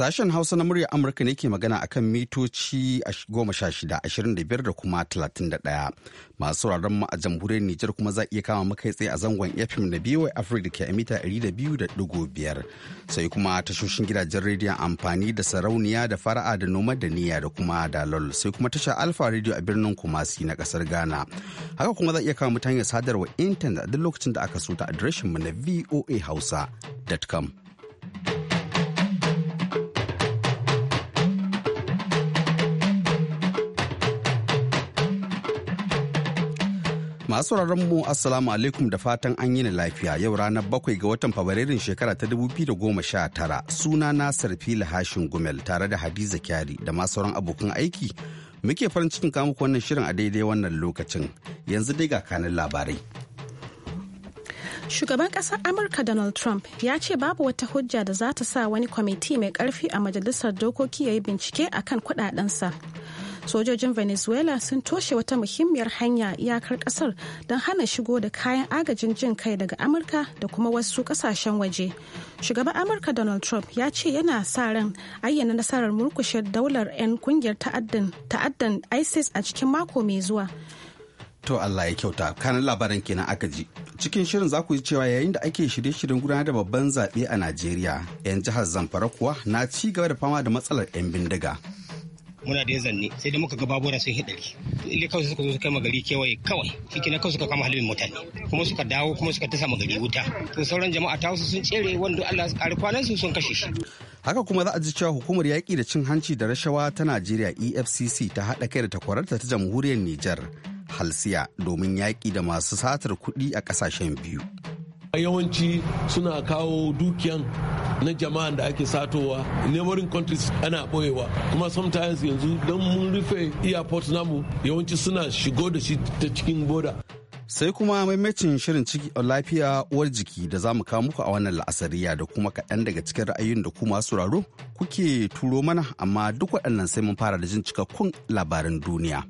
Sashen Hausa na murya Amurka ne ke magana a kan mitoci shida ashirin da kuma 31. Masu sauraron mu a jamhuriyar Nijar kuma za iya kama makai tsaye a zangon FM na wai Afirka da ke a mita biyar Sai kuma tashoshin gidajen rediyon amfani da sarauniya da fara'a da noma da niyya da kuma dalol. Sai kuma tashar Alfa rediyo a birnin Kumasi na kasar Ghana. Haka kuma za iya kama mutane sadarwa intanet a duk lokacin da aka so ta adireshin mu na voahausa.com. Masu mu Assalamu alaikum da fatan an yi lafiya yau ranar bakwai ga watan Fabrairun shekara ta 2019 suna na Sarfila Hashin Gumel tare da Hadiza Kyari da masu sauran abokan aiki muke farin cikin kamuku wannan shirin a daidai wannan lokacin yanzu dai ga kanin labarai. Shugaban ƙasar Amurka Donald Trump ya ce babu wata hujja da za ta sa wani kwamiti mai ƙarfi a majalisar dokoki ya yi bincike akan kuɗaɗensa. sojojin venezuela sun toshe wata muhimmiyar hanya iyakar kasar don hana shigo da kayan agajin jin kai daga amurka da kuma wasu kasashen waje shugaban amurka donald trump ya ce yana sa ran ayyana nasarar murkushe daular 'yan kungiyar ta'addan isis a cikin mako mai zuwa To Allah ya kyauta kanan labaran kenan aka ji. Cikin shirin za ku ji cewa yayin da ake shirye-shiryen gudanar da babban zaɓe a Najeriya, 'yan jihar Zamfara kuwa na ci gaba da fama da matsalar 'yan bindiga. muna da zanne sai da muka ga babura sun hidari ile kawai suka zo suka magari kewaye kawai shike na kawai suka kama halin mutane kuma suka dawo kuma suka tasa magari wuta to sauran jama'a ta wasu sun tsere wanda Allah ya kare kwanan su sun kashe shi haka kuma za a ji cewa hukumar yaƙi da cin hanci da rashawa ta Najeriya EFCC ta haɗa kai da takwararta ta jamhuriyar Nijar halsiya domin yaƙi da masu satar kuɗi a ƙasashen biyu. yawanci suna kawo dukiyan na jama'an da ake satowa neighboring countries ana boyewa kuma sometimes yanzu don mun rufe airport namu yawanci suna shigo da shi ta cikin boda sai kuma maimacin shirin ciki lafiya uwar jiki da za mu kawo muku a wannan la'asariya da kuma kaɗan daga cikin ra'ayoyin da kuma sauraro kuke turo mana amma duk waɗannan sai mun fara da jin cikakkun labaran duniya.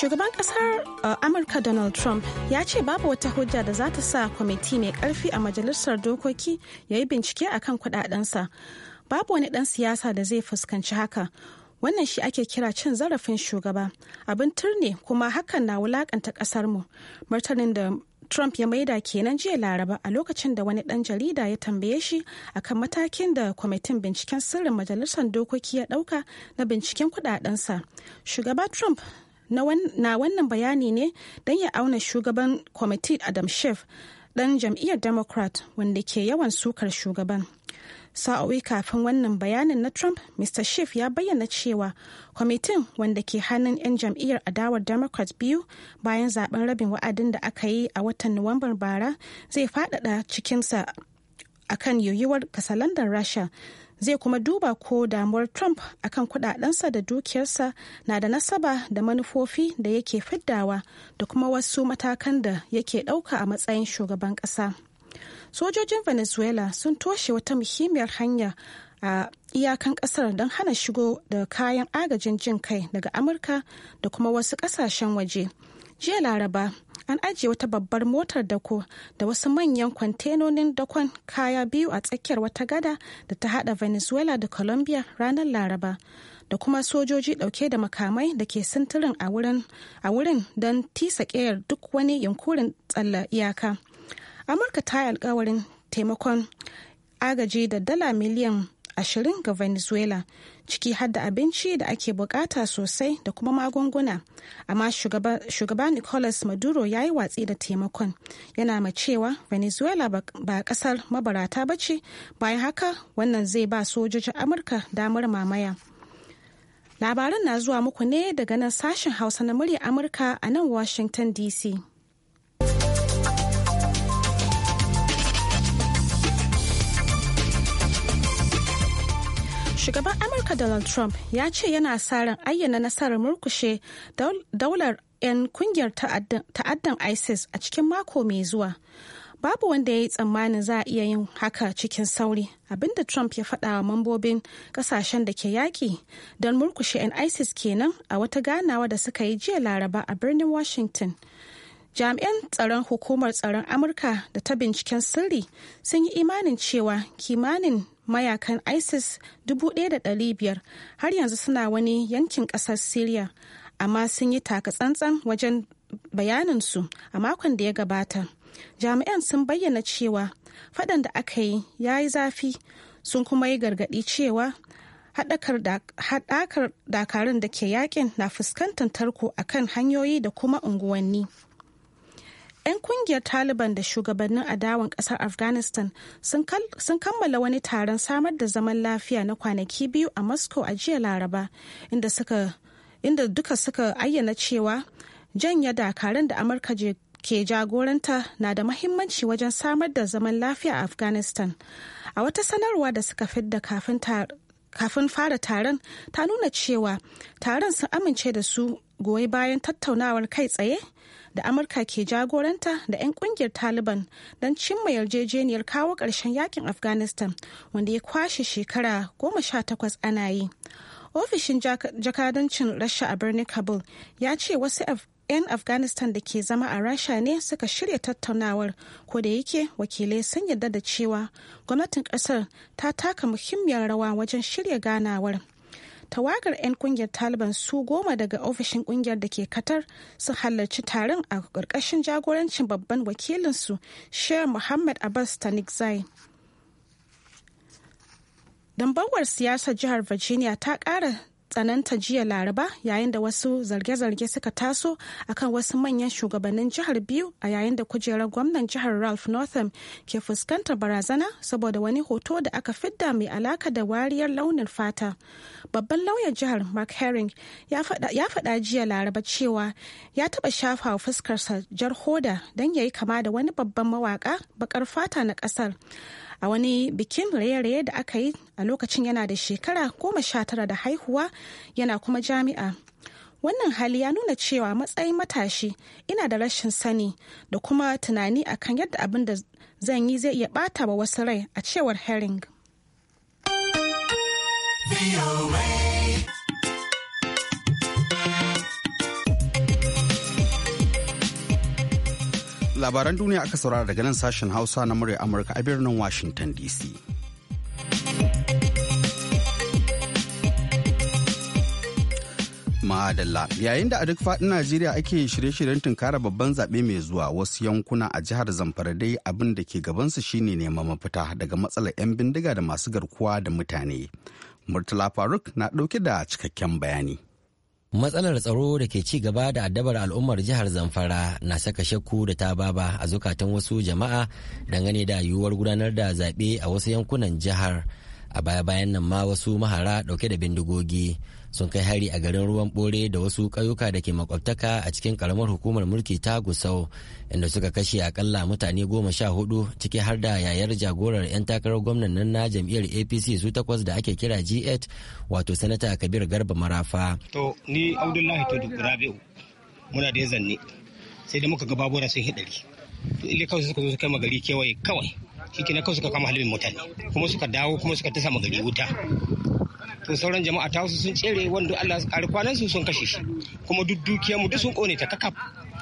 shugaban kasar uh, amurka donald trump ya ce babu wata hujja da za ta sa kwamiti mai karfi a majalisar dokoki ya yi bincike a kan kudadensa babu wani dan siyasa da zai fuskanci haka wannan shi ake kira cin zarafin shugaba abin turne kuma hakan na wulakanta mu martanin da Trump ya maida kenan jiya Laraba a lokacin da wani dan jarida ya tambaye shi akan matakin da kwamitin binciken sirrin majalisar dokoki ya dauka na binciken kudadensa. Shugaba Trump na wannan bayani ne don ya auna shugaban kwamiti adam shef dan jam'iyyar democrat wanda ke yawan sukar shugaban sa'o'i kafin wannan bayanin na trump mr schiff ya bayyana cewa kwamitin wanda ke hannun 'yan jam'iyyar adawar democrat biyu bayan zaben rabin wa'adin da aka yi a watan nuwambar bara zai faɗaɗa cikinsa akan yiwuwar kasalandar rasha zai kuma duba ko damuwar trump akan kudadensa da dukiyarsa na da nasaba da manufofi da yake fiddawa da kuma wasu matakan da yake dauka a matsayin shugaban kasa sojojin venezuela sun toshe wata muhimmiyar hanya a iyakan kasar don hana shigo da kayan agajin jin kai daga amurka da kuma wasu kasashen waje jiya laraba an ajiye wata babbar motar dako da wasu manyan kwantenonin dakon kaya biyu a tsakiyar wata gada da ta hada venezuela da colombia ranar laraba da kuma sojoji dauke da makamai da ke sintirin a wurin don tisa kayar duk wani yankurin tsalla iyaka amurka ta yi alkawarin taimakon agaji da dala miliyan ashirin ga venezuela ciki har da abinci da ake bukata sosai da kuma magunguna amma shugaba, nicolas maduro ya yi watsi da taimakon yana ma cewa venezuela ba kasar mabarata ba ce bayan haka wannan zai ba sojojin amurka damar mamaya labaran na zuwa muku ne daga nan sashen hausa na murya amurka a nan washington dc Shugaban Amurka Donald Trump ya ce yana sa ran ayyana nasarar murkushe daular 'yan kungiyar ta'addan ISIS a cikin mako mai zuwa. Babu wanda ya yi tsammanin za a iya yin haka cikin sauri abinda Trump ya faɗa wa mambobin ƙasashen da ke yaƙi don murkushe 'yan ISIS kenan a wata ganawa da suka yi jiya Laraba a birnin Washington. jami'an tsaron hukumar tsaron amurka da ta binciken sirri sun yi imanin cewa kimanin mayakan isis biyar har yanzu suna wani yankin kasar syria amma sun yi taka tsantsan wajen bayanin su a makon da ya gabata jami'an sun bayyana cewa fadan da aka yi ya yi zafi sun kuma yi gargaɗi cewa haɗakar dakarun da ke yakin na fuskantar tarko akan hanyoyi da kuma unguwanni. 'yan kungiyar taliban da shugabannin adawan ƙasar afghanistan sun kammala wani taron samar da zaman lafiya na kwanaki biyu a moscow a jiya laraba inda duka suka ayyana cewa janya dakarun da amurka ke jagoranta na da mahimmanci wajen samar da zaman lafiya a afghanistan a wata sanarwa da suka fidda kafin kafin fara taron ta nuna cewa taron sun amince da su goyi bayan tattaunawar kai tsaye da amurka ke jagoranta da 'yan kungiyar taliban don cimma yarjejeniyar kawo ƙarshen yakin afghanistan wanda ya kwashe shekara goma sha takwas ana yi ofishin jakadancin rasha a birnin kabul ya ce wasu 'yan afghanistan da ke zama a rasha ne suka shirya tattaunawar ko da yake wakilai sun yarda da cewa gwamnatin ƙasar ta taka muhimmiyar rawa wajen shirya ganawar tawagar 'yan kungiyar taliban su goma daga ofishin kungiyar da ke katar sun halarci taron a ƙarƙashin jagorancin babban wakilinsu sheikh muhammad abbas tanikzai dambawar siyasar jihar virginia ta ƙara tsananta jiya laraba yayin da wasu zarge-zarge suka taso akan wasu manyan shugabannin jihar biyu a yayin da kujerar gwamnan jihar ralph northam ke fuskantar barazana saboda wani hoto da aka fidda mai alaka da wariyar launin fata babban lauyan jihar mark herring ya faɗa jiya laraba cewa ya taɓa shafa fuskarsa jar hoda don ya yi kama da wani babban mawaka baƙar fata na ƙasar a wani bikin raye-raye da aka yi a lokacin yana da shekara goma sha tara da haihuwa yana kuma jami'a wannan hali ya nuna cewa matsayin matashi ina da rashin sani da kuma tunani akan yadda abin da zan yi zai iya bata wa wasu rai a cewar herring. labaran duniya aka saurara daga nan sashen hausa na murya amurka a birnin washington dc Madalla yayin da a duk faɗin Najeriya ake shirye-shiryen tunkara babban zaɓe mai zuwa wasu yankuna a jihar Zamfara dai abin da ke gabansu shine neman mafita daga matsalar 'yan bindiga da masu garkuwa da mutane. Murtala Faruk na ɗauke da cikakken bayani. matsalar tsaro da ke ci gaba da addabar al'ummar jihar zamfara na saka shakku da ta baba a zukatan wasu jama'a dangane da yiwuwar gudanar da zaɓe a wasu yankunan jihar a baya-bayan nan ma wasu mahara ɗauke da bindigogi sun kai hari a garin ruwan bore da wasu ƙauyuka da ke makwabtaka a cikin karamar hukumar mulki ta gusau inda suka kashe akalla mutane goma sha hudu ciki har da yayar jagorar 'yan takarar gwamnan nan na jam'iyyar apc su takwas da ake kira g8 wato sanata kabir garba marafa to ni abdullahi tudu rabi'u muna da zanne sai da muka ga babura sun hidari to ile kawai suka zo kai magari kewaye kawai shi kawai suka kama halin mutane kuma suka dawo kuma suka ta sama gari wuta to sauran jama'a ta wasu sun tsere wanda Allah ya kare kwanan su sun kashe shi kuma duk dukiyar mu duk sun kone ta kakaf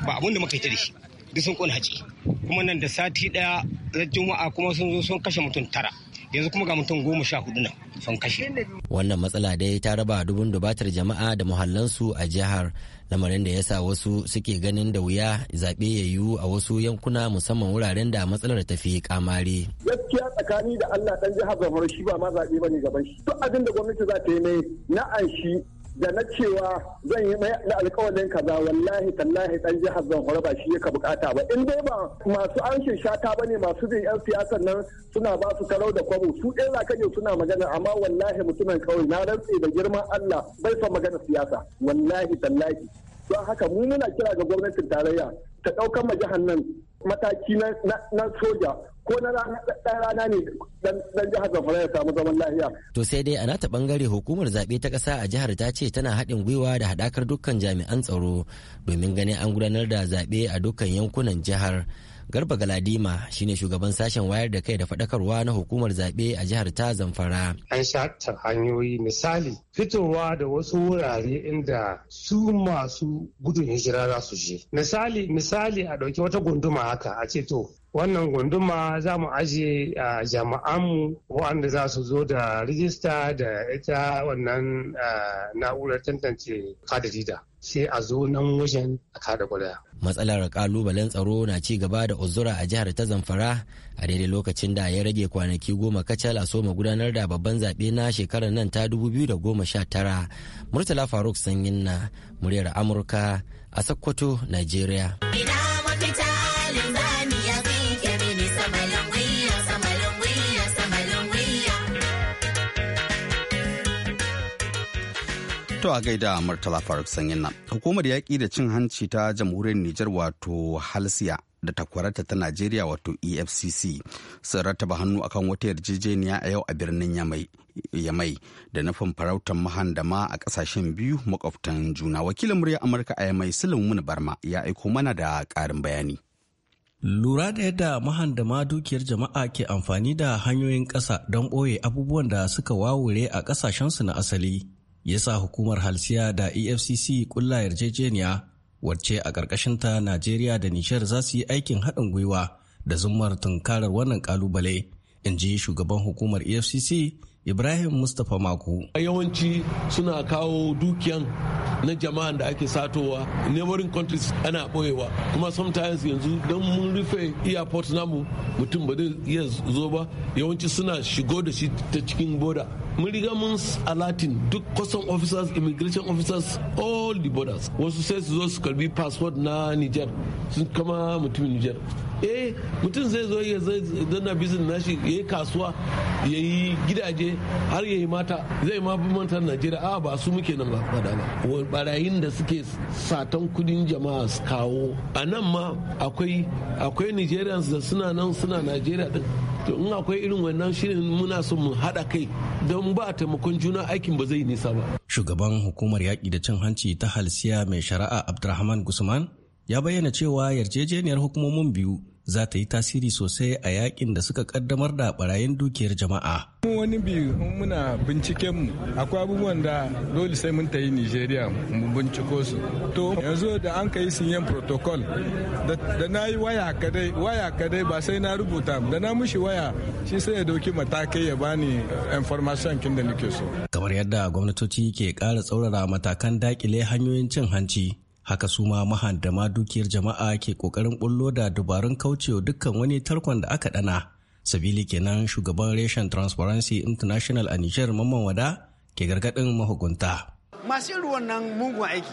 ba abun da muka yi ta da shi duk sun kone haji kuma nan da sati daya ran juma'a kuma sun zo sun kashe mutum tara yanzu kuma ga mutum goma sha hudu nan sun kashe wannan matsala dai ta raba dubun dubatar jama'a da muhallansu a jihar lamarin da ya sa wasu suke ganin da wuya zaɓe ya yiwu a wasu yankuna musamman wuraren da matsalar ta fi kamari. gaskiya tsakani da allah ɗan jihar zamfara shi ba ma zaɓe ba ne gaban shi duk abin da gwamnati za ta yi mai na an shi da na cewa zan yi mai da alkawalin kaza wallahi tallahi dan jihar zan ba shi yake bukata ba in dai ba masu anshin shata bane masu jin yan siyasar nan suna ba su karau da kwabo su dai za ka suna magana amma wallahi mutumin kawai na rantse da girman Allah bai son magana siyasa wallahi tallahi don haka mu muna kira ga gwamnatin tarayya ta ɗaukan ma nan mataki na soja ko na ɗan rana ne dan jihar zamfara ya samu zaman lafiya. to sai dai a nata bangare hukumar zaɓe ta ƙasa a jihar ta ce tana haɗin gwiwa da haɗakar dukkan jami'an tsaro domin ganin an gudanar da zaɓe a dukkan yankunan jihar. garba galadima shine shugaban sashen wayar da kai da faɗakarwa na hukumar zaɓe a jihar ta zamfara an shata hanyoyi misali fitowa da wasu wurare inda su masu gudun hijira za su je misali misali a ɗauki wata gunduma haka a ce to wannan gunduma za mu ajiye a mu waɗanda za su zo da rijista da ita wannan na'urar tantance kadadida sai a zo nan wajen a kada kwalaya matsalar kalubalen tsaro na ci gaba da uzura a jihar ta zamfara a daidai lokacin da ya rage kwanaki goma kacal a soma gudanar da babban zaɓe na shekarar nan ta da goma sha tara, murtala faruk sanyin na muryar amurka a sokoto nigeria To a gaida Murtala Faruk Sanyin nan. Hukumar yaƙi da cin hanci ta jamhuriyar Nijar wato Halsiya da takwararta ta Najeriya wato EFCC sun rattaba hannu akan wata yarjejeniya a yau a birnin Yamai da nufin farautar mahandama a ƙasashen biyu makwabtan juna. Wakilin murya Amurka a Yamai Sulaimun Barma ya aiko mana da ƙarin bayani. Lura da yadda mahandama dukiyar jama'a ke amfani da hanyoyin ƙasa don ɓoye abubuwan da suka wawure a ƙasashensu na asali. ya sa hukumar halsiya da efcc kulla yarjejeniya wacce a ta najeriya da nishar za su yi aikin haɗin gwiwa da zummar tunkarar wannan kalubale in ji shugaban hukumar efcc ibrahim mustapha mako yawanci suna kawo dukiyan na jama'an da ake satowa neighboring countries ana boyewa kuma sometimes yanzu don mun rufe airport namu mutum ba zai iya zo ba yawanci suna shigo da shi ta cikin boda mun riga mun a latin duk custom officers immigration officers all the borders wasu sai su zo su karbi passport na niger sun kama mutumin niger eh mutum zai zo ya zai zanna bizin nashi ya kasuwa ya yi gidaje har ya yi mata zai ma bi mantar najeriya a ba su muke nan ba ba barayin da suke satan kudin jama'a su kawo a nan ma akwai akwai nigerians da suna nan suna najeriya din to in akwai irin wannan shirin muna son mu haɗa kai don ba taimakon juna aikin ba zai nisa ba shugaban hukumar yaƙi da cin hanci ta halsiya mai shari'a abdurrahman gusman ya bayyana cewa yarjejeniyar hukumomin biyu za ta yi tasiri sosai a yakin da suka kaddamar da barayin dukiyar jama'a. wani biyu muna binciken mu akwai abubuwan da dole sai mun tayi nigeria mu binciko su to yanzu da an kai siyan protocol da na yi waya kadai waya kadai ba sai na rubuta da na mushi waya shi sai ya dauki matakai ya bani information kin da nake so kamar yadda gwamnatoci ke ƙara tsaurara matakan dakile hanyoyin cin hanci haka su ma mahandama dukiyar jama'a ke kokarin bullo da dabarun kaucewa dukkan wani tarkon da aka dana sabili kenan shugaban reshen transparency international a niger mamman wada ke gargadin mahukunta masu ruwan nan mugun aiki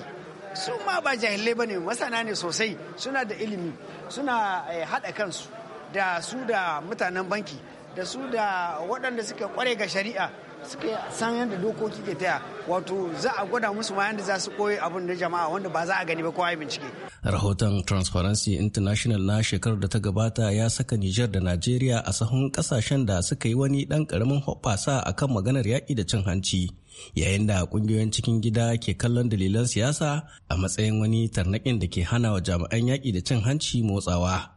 su ma ba jahilai ba ne masana ne sosai suna da ilimi suna eh, hada kansu da su da mutanen banki da su da waɗanda suka kware ga shari'a suka san yadda dokoki ke taya wato za a gwada musu ma yadda za su koyi abin da jama'a wanda ba za a gani ba kowa ya bincike. rahoton transparency international na shekarar da ta gabata ya saka nijar da najeriya a sahun kasashen da suka yi wani dan karamin hoɓɓasa kan maganar yaƙi da cin hanci yayin da ƙungiyoyin cikin gida ke kallon dalilan siyasa a matsayin wani tarnaƙin da ke hana wa jami'an yaƙi da cin hanci motsawa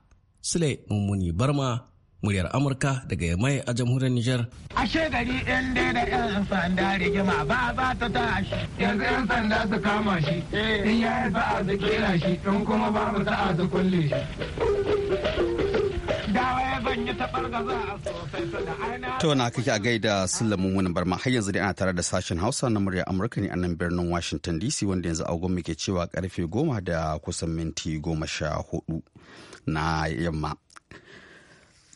Sule Mummuni Barma muryar Amurka daga Yamai a jamhuriyar Nijar. a gari ɗin dai da ɗan sanda rigima ba ba ta tashi yanzu yan sanda su kama shi in ya yi a su kira shi in kuma ba mu a su kulle shi. To na kake a gaida Sullamin wani barma har yanzu dai ana tare da sashen Hausa na murya Amurka ne a nan birnin Washington DC wanda yanzu agon muke cewa karfe goma da kusan minti goma sha hudu na yamma.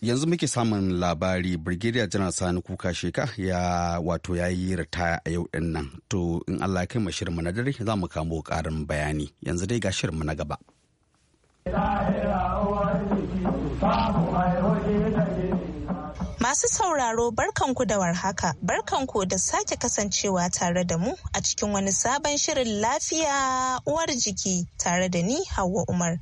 Yanzu muke samun labari Brigadier General Sani Kuka Sheka ya wato ya yi ritaya a yau din nan. To in Allah ya kai mu shirin mu na dare za mu kamo karin bayani. Yanzu dai ga shirin na gaba. Masu sauraro barkanku da warhaka, barkanku da sake kasancewa tare da mu a cikin wani sabon shirin lafiya uwar jiki tare da ni Hauwa Umar.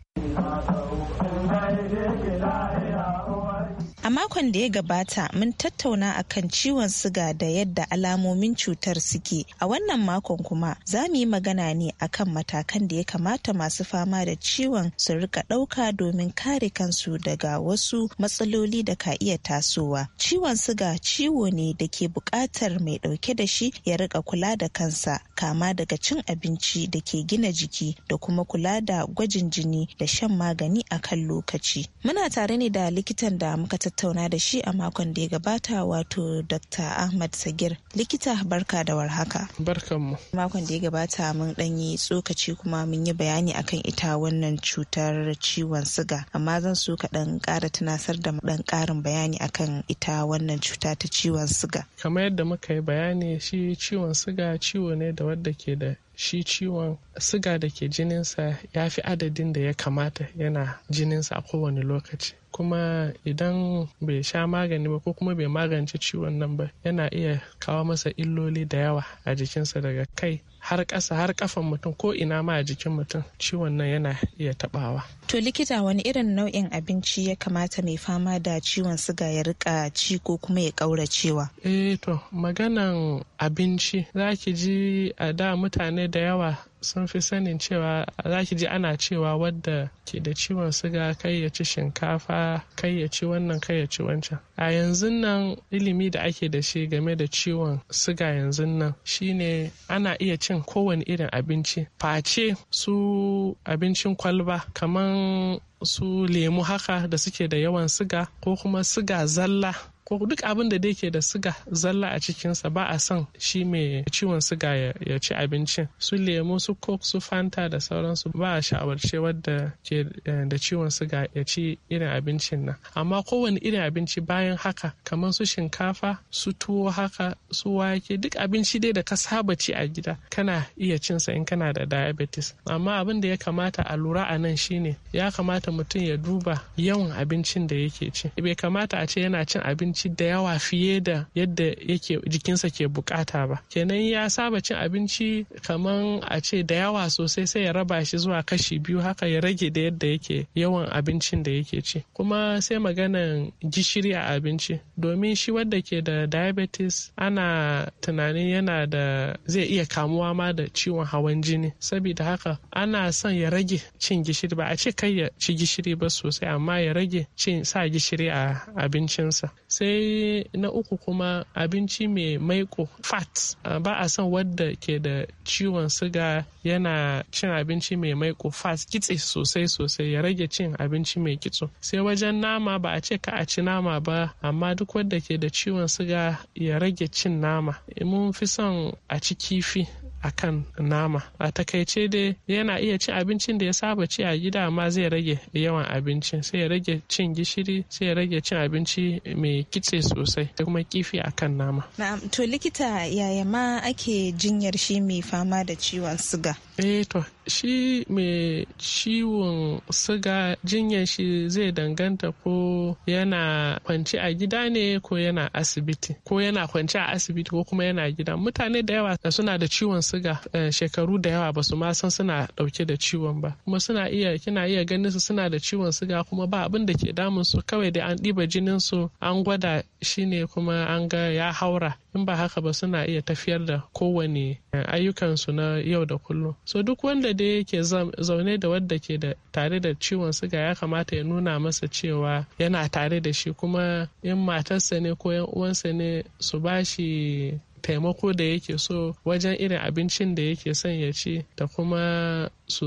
A makon da ya gabata mun tattauna akan ciwon siga da yadda alamomin cutar suke. A wannan makon kuma za mu yi magana ne akan matakan da ya kamata masu fama da ciwon su rika ɗauka domin kare kansu daga wasu matsaloli da ka iya tasowa. Ciwon siga ciwo ne da ke buƙatar mai ɗauke da shi ya rika kula da kansa kama daga cin abinci da ke gina jiki da kuma kula da gwajin jini da shan magani a kan lokaci. Muna tare ne da likitan da muka tattauna da shi a makon da ya gabata wato Dr. Ahmad Sagir. Likita barka da warhaka. Barkanmu. Makon da ya gabata mun yi tsokaci kuma mun yi bayani akan ita wannan cutar ciwon siga amma zan so kaɗan kara tunasar da ɗan karin bayani akan ita wannan cuta ta ciwon siga. Kamar yadda muka yi bayani shi ciwon siga ciwo ne da wadda ke da shi ciwon siga da ke jininsa ya fi adadin da ya kamata yana jininsa a kowane lokaci kuma idan bai sha magani ba ko kuma bai magance ciwon nan ba yana iya kawo masa illoli da yawa a jikinsa daga kai har ƙasa har ƙafan mutum ko ina ma a jikin mutum ciwon nan yana iya taɓawa. To likita wani irin nau'in abinci ya kamata mai fama da ciwon siga ya rika ci ko kuma ya ƙauracewa? Eh to maganan abinci za ki ji a da mutane da yawa sun fi sanin cewa za ki ji ana cewa wadda ke da ciwon siga kai ya ci shinkafa kai ya ci wannan kai ya ci wancan a yanzu nan ilimi da ake da shi game da ciwon siga yanzu nan shine ana iya cin kowane irin abinci face su abincin kwalba kaman su lemu haka da suke da yawan siga ko kuma siga zalla ko duk abin da dai ke da siga zalla a cikinsa ba a son shi mai ciwon siga ya ci abincin su lemu su coke su fanta da sauransu ba a sha'awarce wadda ke eh, da ciwon siga ya ci irin abincin nan amma kowane irin abinci bayan haka kamar su shinkafa su tuwo haka su wake duk abinci dai da ka saba ci a gida kana iya cinsa in kana da diabetes amma abin da ya kamata a lura a nan shine ya kamata mutum ya duba yawan abincin da yake ci bai kamata a ce yana cin abinci abinci da yawa fiye da yadda yake jikinsa ke bukata ba kenan ya saba cin abinci kaman a ce da yawa sosai sai ya raba shi zuwa kashi biyu haka ya rage da yadda yake yawan abincin da yake ci kuma sai maganan gishiri a abinci domin shi wadda ke da diabetes ana tunanin yana da zai iya kamuwa ma da ciwon hawan jini saboda haka ana son ya rage cin gishiri ba a ce kai ya ci gishiri ba sosai amma ya rage cin sa gishiri a abincinsa sai sai na uku kuma abinci mai maiko fat ah, ba a son wadda ke da ciwon siga yana cin abinci mai maiko fat kitse sosai sosai ya rage cin abinci mai kitso sai wajen nama ba a ce ka a ci nama ba amma duk wadda ke da ciwon siga ya rage cin nama eh, mun fi son a ci kifi a kan nama a takaice dai yana iya cin abincin da ya saba ci a gida amma zai rage yawan abincin sai ya rage cin gishiri sai ya rage cin abinci mai kitse sosai da kuma kifi a kan nama na'am to likita yaya ma ake jinyar shi mai fama da ciwon siga eh to shi mai ciwon suga jinyar shi zai danganta ko yana kwanci a gida ne ko yana asibiti ko yana kwanci a asibiti ko kuma yana gida mutane da yawa da suna da ciwon suga eh, shekaru da yawa ba su ma san suna dauke da ciwon ba kuma suna iya kina iya ganin su suna da ciwon suga kuma ba abin da ke damun su kawai da an ɗiba jinin su an gwada shine kuma an ga ya haura in ba haka ba suna iya tafiyar da kowane eh, ayyukansu na yau da kullum so duk wanda dai yake zaune da wadda ke da tare da ciwon suga ya kamata ya nuna masa cewa yana tare da shi kuma in matarsa ne ko yan uwansa ne su bashi. taimako da yake so wajen irin abincin da yake son ya ci da kuma su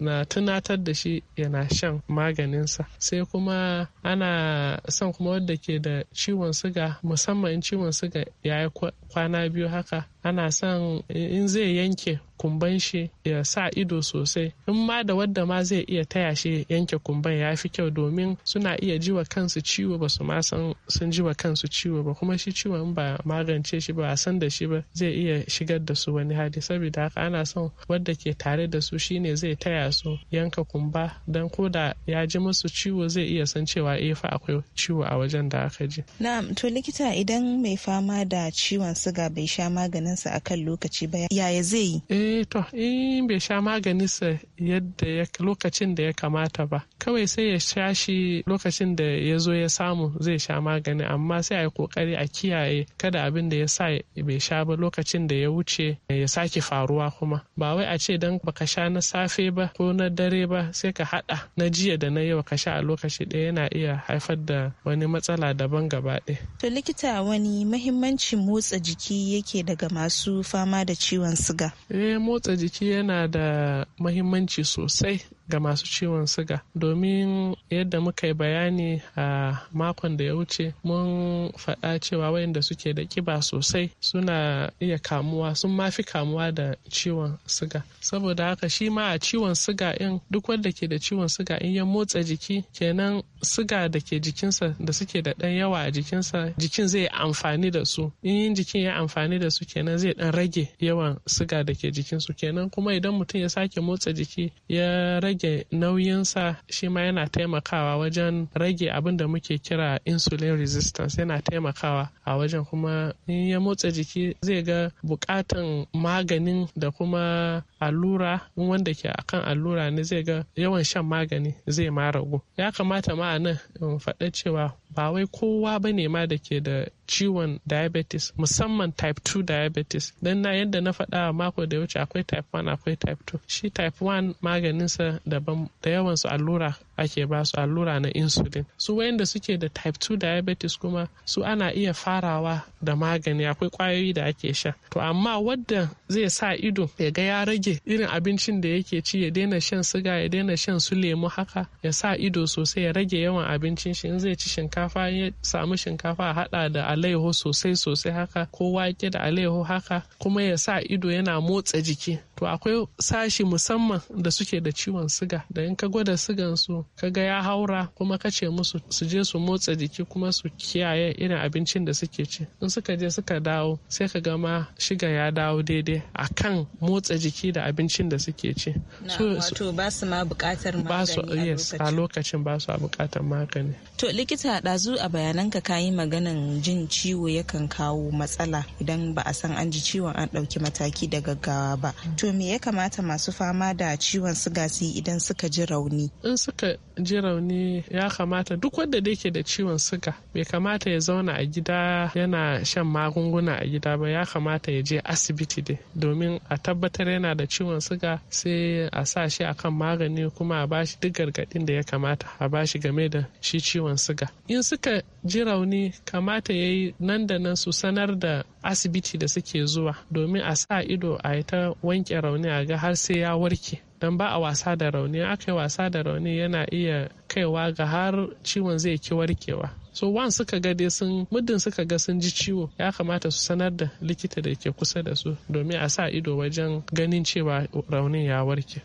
na tunatar da shi yana shan maganinsa sai kuma ana son kuma wadda ke da ciwon suga musamman ciwon suga ya yi kwana biyu haka ana son in zai yanke kumban shi ya sa ido sosai in ma da wadda ma zai iya taya shi yanke kumban ya fi kyau domin suna iya jiwa kansu ciwo ba su ma san sun jiwa kansu ciwo ba kuma shi ciwon ba magance shi ba a san da shi ba zai iya shigar da su wani hadi saboda haka ana son wadda ke tare da su shine zai taya su yanka kumba dan ko da ya ji musu ciwo zai iya san cewa e fa akwai ciwo a wajen da aka ji na'am to likita idan mai fama da ciwon suga bai sha maganin maganinsa a kan lokaci ba yaya zai yi? Eh to in bai sha maganinsa yadda lokacin da ya kamata ba. Kawai sai ya sha shi lokacin da ya zo ya samu zai sha magani amma sai a yi kokari a kiyaye kada abin da ya sa bai sha ba lokacin da ya wuce ya sake faruwa kuma. Ba wai a ce dan baka sha na safe ba ko na dare ba sai ka hada na jiya da na yau ka sha a lokaci ɗaya yana iya haifar da wani matsala daban gaba ɗaya. To likita wani mahimmancin motsa jiki yake daga masu fama da ciwon siga? Eh motsa jiki yana da mahimmanci sosai ga masu ciwon siga domin yadda muka yi bayani a makon da ya wuce mun faɗa cewa wayanda suke da kiba sosai suna iya kamuwa sun fi kamuwa da ciwon siga saboda haka shi ma a ciwon siga in duk wanda ke da ciwon siga in ya motsa jiki kenan siga da ke jikinsa da suke da ɗan yawa a jikinsa jikin zai amfani da su in jikin ya amfani da su kenan zai ɗan rage yawan siga da ke jikinsu kenan kuma idan mutum ya sake motsa jiki ya rage rage nauyinsa shi ma yana taimakawa wajen rage abin da muke kira insulin resistance yana taimakawa a wajen kuma in ya motsa jiki zai ga bukatan maganin da kuma allura in wanda ke akan allura ne zai ga yawan shan magani zai ma ragu ya kamata ma a nan faɗa cewa ba wai kowa ba ne ma da ke da ciwon diabetes musamman type 2 diabetes don na yadda na faɗa a mako da wuce akwai type 1 akwai type 2 shi type 1 maganinsa daban da yawansu allura ake ba su allura na insulin su wayanda suke da type 2 diabetes kuma su ana iya farawa da magani akwai kwayoyi da ake sha to amma wadda zai sa ido ya ga ya rage irin abincin da yake ci ya daina shan siga ya daina shan su lemu haka ya sa ido sosai ya rage yawan abincin shi in zai ci shinkafa ya samu shinkafa a hada da alaiho sosai sosai haka ko wake da alaiho haka kuma ya sa ido yana motsa jiki to akwai sashi musamman da suke da ciwon siga da in ka gwada sigan su kaga ya haura kuma ka ce musu su je su motsa jiki kuma su kiyaye irin abincin da suke ci in suka je suka dawo sai ka ga ma shiga ya dawo daidai a kan motsa jiki da abincin da suke ci wato ba su ma bukatar magani a lokacin ba su a bukatar magani to likita ɗazu a bayananka ka yi maganan jin ciwo yakan kawo matsala idan ba a san an ji ciwon an ɗauki mataki da gaggawa ba mm. to me ya kamata masu fama da ciwon suga su idan suka ji rauni in suka ji rauni ya kamata duk wanda da yake da ciwon suga bai kamata ya zauna a gida yana shan magunguna a gida ba ya kamata ya je asibiti dai domin a tabbatar yana da ciwon suga sai a sa shi a kan magani kuma a bashi duk gargadin da ya kamata a bashi game da shi ciwon suga in suka ji rauni kamata ya yi nan da nan su sanar da asibiti da suke zuwa domin a sa ido a ta wanke rauni a ga har sai ya warke don ba a wasa da rauni aka yi wasa da rauni yana iya kaiwa ga har ciwon zai ki warkewa so wan suka ga dai sun muddin suka ga sun ji ciwo ya kamata su sanar da likita da ke kusa da su domin a sa ido wajen ganin cewa raunin ya warke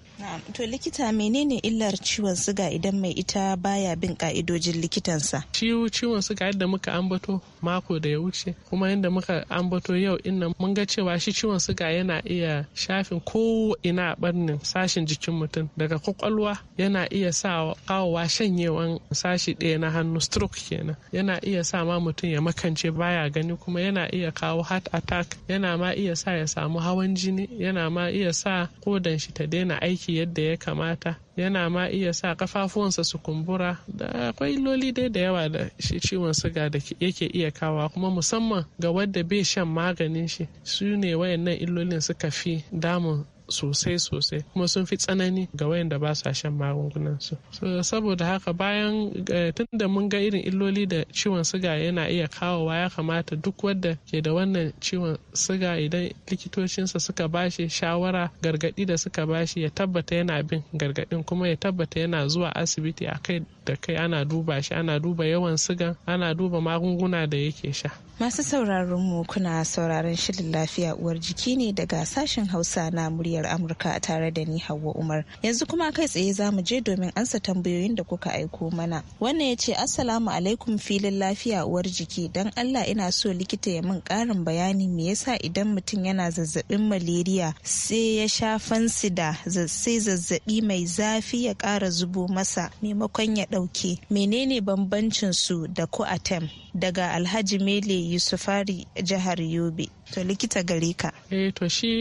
To likita menene illar ciwon suga idan mai ita baya bin ka'idojin likitansa? Ciwo ciwon suga yadda muka ambato mako da ya wuce kuma yadda muka ambato yau inna mun ga cewa shi ciwon suga yana iya shafin ko ina barnin sashin jikin mutum daga kwakwalwa yana iya sa kawowa shanyewan sashi ɗaya na hannu stroke kenan yana iya sa ma mutum ya makance baya gani kuma yana iya kawo heart attack yana ma iya sa ya samu hawan jini yana ma iya sa kodan shi ta daina aiki aiki yadda ya kamata yana ma iya sa kafafuwansa su kumbura da akwai illoli dai da yawa da shi ciwon suga da yake iya kawa kuma musamman ga wadda bai shan maganin shi su ne wayannan illolin suka fi damun sosai sosai kuma sun fi tsanani ga wayanda ba sa shan magungunan su saboda haka bayan eh, tunda mun ga irin illoli da ciwon siga yana iya kawowa ya kamata duk wadda ke da wannan ciwon siga idan likitocinsa suka bashi shawara gargadi da suka bashi ya tabbata yana bin gargadin kuma ya tabbata yana zuwa asibiti a kai da kai ana duba shi ana duba yawan sugan ana duba magunguna da yake sha masu sauraron mu kuna sauraron shirin lafiya uwar jiki ne daga sashen hausa na murya muryar Amurka tare da ni Hauwa Umar. Yanzu kuma kai tsaye za mu je domin ansa tambayoyin da kuka aiko mana. Wannan ya ce Assalamu alaikum filin lafiya uwar jiki don Allah ina so likita ya min karin bayani me yasa idan mutum yana zazzabin malaria sai ya sha fansida sai zazzabi mai zafi ya ƙara zubo masa maimakon ya ɗauke. Menene bambancin su da ku atem daga Alhaji Mele Yusufari jihar Yobe. To likita gare ka. eh to shi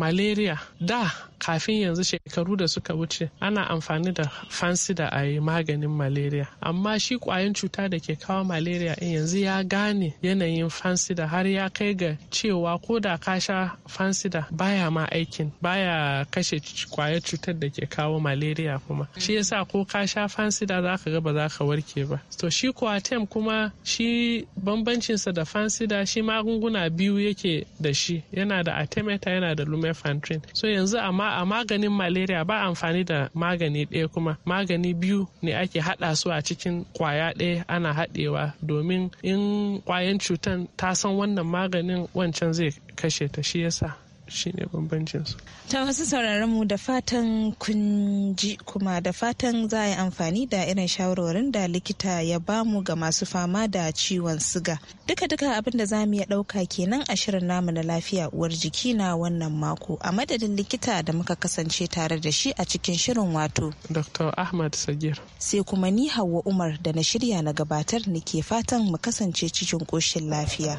malaria da kafin yanzu shekaru da suka wuce ana amfani da fansida a yi maganin malaria amma shi kwayan cuta da ke kawo malaria in yanzu ya gane yanayin fansida har ya kai ga cewa ko da kasha sha fansida baya ma aikin baya kashe kwayar cutar da ke kawo malaria kuma shi yasa ko kasha sha fansida za ka ga ba za ka warke ba to shi kwatem kuma shi bambancinsa da fansida shi magunguna biyu yake da shi yana da atemeta yana da lumefantrine so yanzu amma a maganin malaria ba amfani da magani ɗaya kuma magani biyu ne ake haɗa su a cikin kwaya ɗaya ana haɗewa domin in kwayan cutan ta san wannan maganin wancan zai kashe ta shi yasa shine bambancin su ta masu sauraron mu da fatan kun ji kuma da fatan za a yi amfani da irin shawarwarin da likita ya bamu ga masu fama da ciwon siga duka duka abin da za mu iya ɗauka kenan a shirin namu na lafiya uwar jiki na wannan mako a madadin likita da muka kasance tare da shi a cikin shirin wato dr ahmad sagir sai kuma ni Hauwa umar da na shirya na gabatar nake fatan mu kasance cikin ƙoshin lafiya.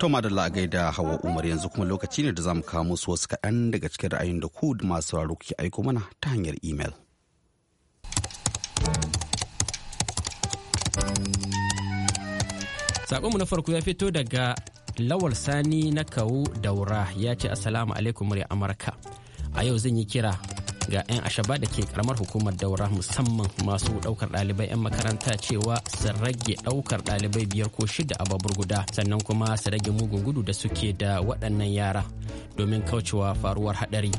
To da a gaida hawa Umar yanzu kuma lokaci ne da za mu kawo musu wasu kaɗan daga cikin ra'ayin da ku da masu sauraro ke aiko mana ta hanyar imel. Saƙonmu na farko ya fito daga Lawal Sani na kawu daura ya ce Assalamu alaikum murya Amurka. A yau zan yi kira ga 'yan ashaba da ke karamar hukumar daura musamman masu daukar ɗalibai 'yan makaranta cewa su rage daukar ɗalibai biyar ko shida a babur guda sannan kuma su rage mugun gudu da suke da waɗannan yara domin kaucewa faruwar haɗari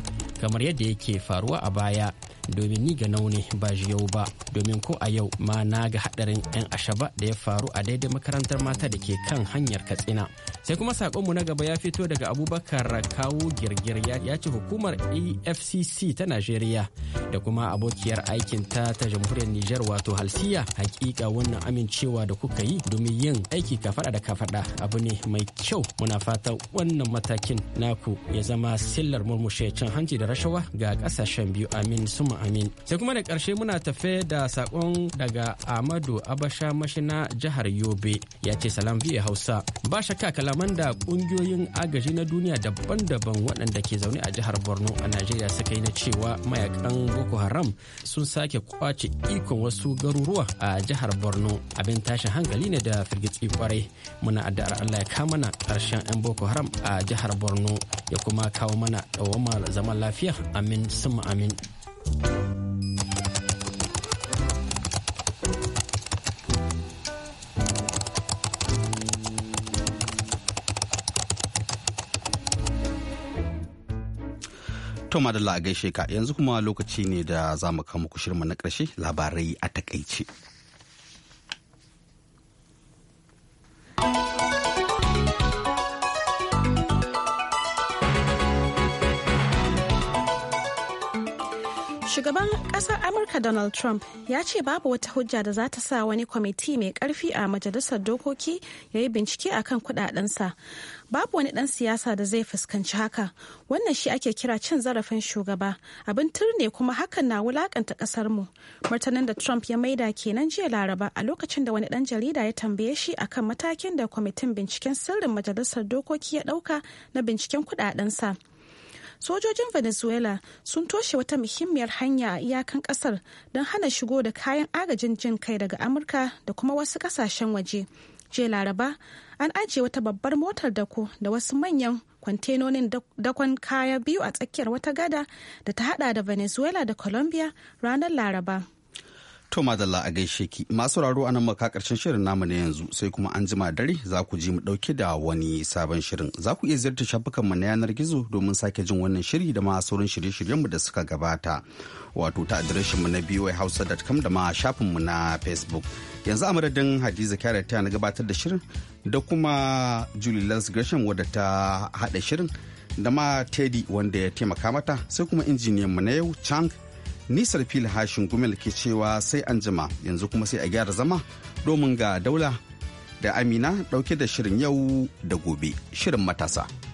kamar yadda yake faruwa a baya domin ni ga naune ba yau ba domin ko a yau ma na ga hadarin 'yan ashaba da ya faru a daidai makarantar mata da ke kan hanyar katsina sai kuma sakonmu na gaba ya fito daga abubakar kawo girgir ya ce hukumar efcc ta najeriya da kuma abokiyar aikin ta ta jamhuriyar niger wato halsiya hakika wannan amincewa da kuka yi domin yin aiki kafada da kafada abu ne mai kyau muna fatan wannan matakin naku ya zama sillar murmushe cin hanci da rashawa ga kasashen biyu amin sun Allahumma amin. Sai kuma da ƙarshe muna tafe da saƙon daga Amadu Abasha Mashina jihar Yobe ya ce salam Hausa. Ba shakka kalaman da ƙungiyoyin agaji na duniya daban-daban waɗanda ke zaune a jihar Borno a Najeriya suka yi na cewa mayakan Boko Haram sun sake kwace ikon wasu garuruwa a jihar Borno abin tashin hankali ne da firgitsi kwarai. Muna addu'ar Allah ya kama na ƙarshen 'yan Boko Haram a jihar Borno ya kuma kawo mana dawamar zaman lafiya amin summa amin To madalla a gaishe ka yanzu kuma lokaci ne da za mu kama ku na ƙarshe labarai a takaice. Shugaban ƙasar Amurka Donald Trump ya ce babu wata hujja da za ta sa wani kwamiti mai ƙarfi a majalisar dokoki ya yi bincike a kan kudadensa. Babu wani ɗan siyasa da zai fuskanci haka. Wannan shi ake kira cin zarafin shugaba. Abin turne kuma hakan na wulakanta mu Martanin da Trump ya maida kenan jiya Laraba a lokacin da wani ɗan jarida ya tambaye shi akan matakin da kwamitin binciken sirrin majalisar dokoki ya ɗauka na binciken kudadensa. sojojin venezuela sun toshe wata muhimmiyar hanya a iyakan kasar don hana shigo da kayan agajin jin kai daga amurka da kuma wasu kasashen waje je laraba an ajiye wata babbar motar dako da wasu manyan kwantenonin dakon kaya biyu a tsakiyar wata gada da ta hada da venezuela da colombia ranar laraba To madalla a gaishe ki masu raro anan maka karshen shirin namu na yanzu sai kuma an jima dare za ku ji mu dauke da wani sabon shirin. Za ku iya ziyartar shafukan mu na yanar gizo domin sake jin wannan shiri da ma sauran shirye-shiryen mu da suka gabata. Wato ta adireshin mu na boyhausa.com da ma shafin mu na Facebook. Yanzu a madadin Hadiza Kyara ta na gabatar da shirin da kuma Julie Lance Gresham wadda ta hada shirin da ma Teddy wanda ya taimaka mata sai kuma injiniyan mu na yau Chang Nisar fili hashin gumel ke cewa sai an jima yanzu kuma sai a gyara zama domin ga daula da amina dauke da shirin yau da gobe shirin matasa.